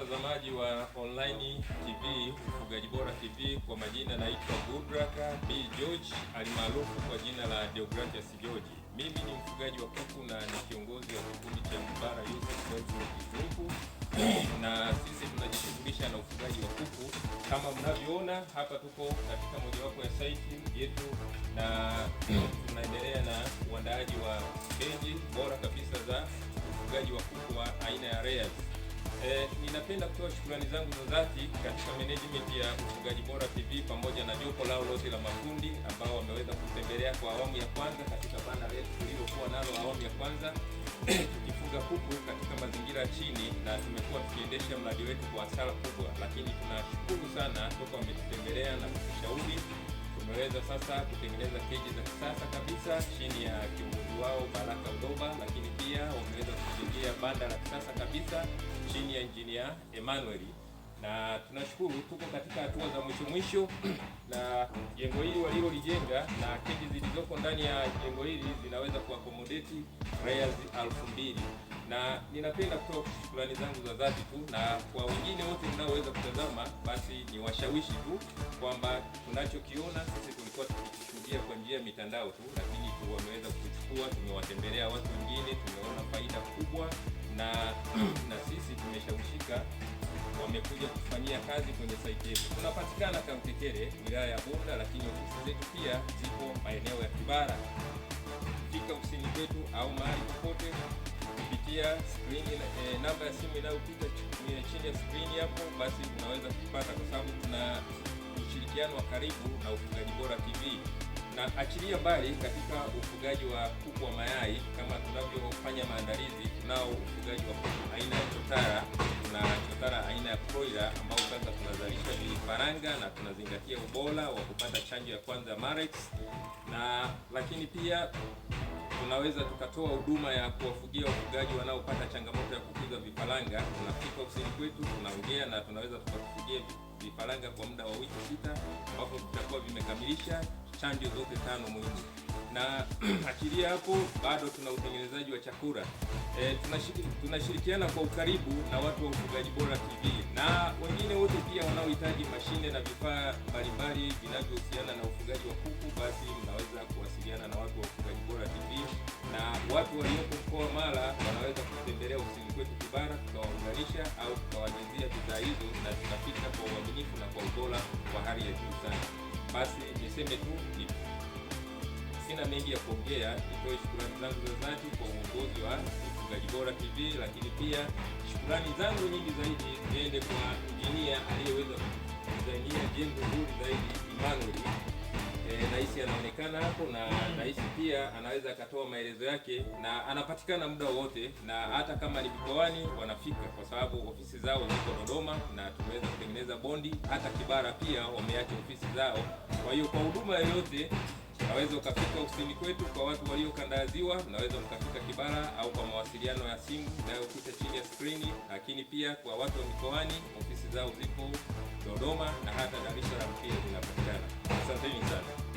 watazamaji wa online TV Ufugaji Bora TV, kwa majina naitwa Gudraka B George alimaarufu kwa jina la Deogratias George. Mimi ni mfugaji wa kuku na ni kiongozi wa kikundi cha Mbara Kizungu, na sisi tunajishughulisha na ufugaji wa kuku. Kama mnavyoona hapa, tuko katika mojawapo ya site yetu na tunaendelea na uandaaji wa beji bora kabisa za ufugaji wa kuku wa aina ya layers. E, ninapenda kutoa shukrani zangu za dhati katika management ya Ufugaji Bora TV pamoja na jopo lao lote la mafundi ambao wameweza kutembelea kwa awamu ya kwanza katika banda letu tulilokuwa nalo awamu ya kwanza tukifuga kuku katika mazingira chini, na tumekuwa tukiendesha mradi wetu kwa hasara kubwa, lakini tunashukuru sana toka wametutembelea na kutushauri tumeweza sasa kutengeneza keji za kisasa kabisa chini ya kiongozi wao Baraka Udoba, lakini pia wameweza kujengea banda la kisasa kabisa chini ya Engineer Emmanuel, na tunashukuru tuko katika hatua za mwisho mwisho, na jengo hili walilolijenga na keji zilizoko ndani ya jengo hili zinaweza kuakomodeti rayas elfu mbili na ninapenda kutoa shukrani zangu za dhati tu, na kwa wengine wote mnaoweza kutazama, basi ni washawishi tu kwamba tunachokiona sisi tulikuwa tukikishuhudia kwa njia ya mitandao tu, lakini wameweza kuchukua, tumewatembelea watu wengine, tumeona faida kubwa na na sisi tumeshawishika, wamekuja kufanyia kazi kwenye saiti yetu. Tunapatikana Kamtekere, wilaya ya Bunda, lakini ofisi zetu pia zipo maeneo ya Kibara. Fika ofisini kwetu au mahali popote kupitia skrini e, eh, namba ya simu inayopita chini ya skrini hapo, basi unaweza kupata, kwa sababu tuna ushirikiano wa karibu na Ufugaji Bora TV na achilia mbali katika ufugaji wa kuku wa mayai, kama tunavyofanya maandalizi, tunao ufugaji wa kuku aina ya chotara na chotara aina ya broiler ambao sasa tunazalisha vifaranga na tunazingatia ubora wa kupata chanjo ya kwanza Marex, na lakini pia tunaweza tukatoa huduma ya kuwafugia wafugaji wanaopata changamoto ya kukuza vifaranga. Tunafika ofisini kwetu, tunaongea na tunaweza tukafugia vifaranga kwa muda wa wiki sita ambapo vitakuwa vimekamilisha chanjo zote tano muhimu, na achilia hapo bado tuna utengenezaji wa chakula e, tunashirikiana kwa ukaribu na watu wa Ufugaji Bora TV na wengine wote pia wanaohitaji mashine na vifaa mbalimbali vinavyohusiana na ufugaji wa kuku, basi mnaweza kuwasiliana na watu wa Ufugaji Bora TV na watu waliopo mkoa Mara wanaweza kutembelea ofisini kwetu Kibara tukawaunganisha au tukawajenzia bidhaa hizo, na tunapita kwa uaminifu na kwa ubora wa hali ya juu sana. Basi niseme tu ni sina mengi ya kuongea, nitoe shukurani zangu za dhati kwa uongozi wa Mfugaji Bora TV, lakini pia shukurani zangu nyingi zaidi ziende kwa injinia aliyeweza kudizainia jengo zuri zaidi Emmanuel Eh, nahisi anaonekana hapo na nahisi pia anaweza akatoa maelezo yake, na anapatikana muda wowote, na hata kama ni mikoani wanafika, kwa sababu ofisi zao ziko Dodoma na tumeweza kutengeneza bondi. Hata Kibara pia wameacha ofisi zao, kwa hiyo kwa huduma yoyote naweza ukafika ofisini kwetu. Kwa watu waliokandaaziwa, naweza mkafika Kibara au kwa mawasiliano ya simu inayopita chini ya skrini, lakini pia kwa watu wa mikoani ofisi zao zipo Dodoma na hata Dar es Salaam pia zinapatikana. Asanteni sana.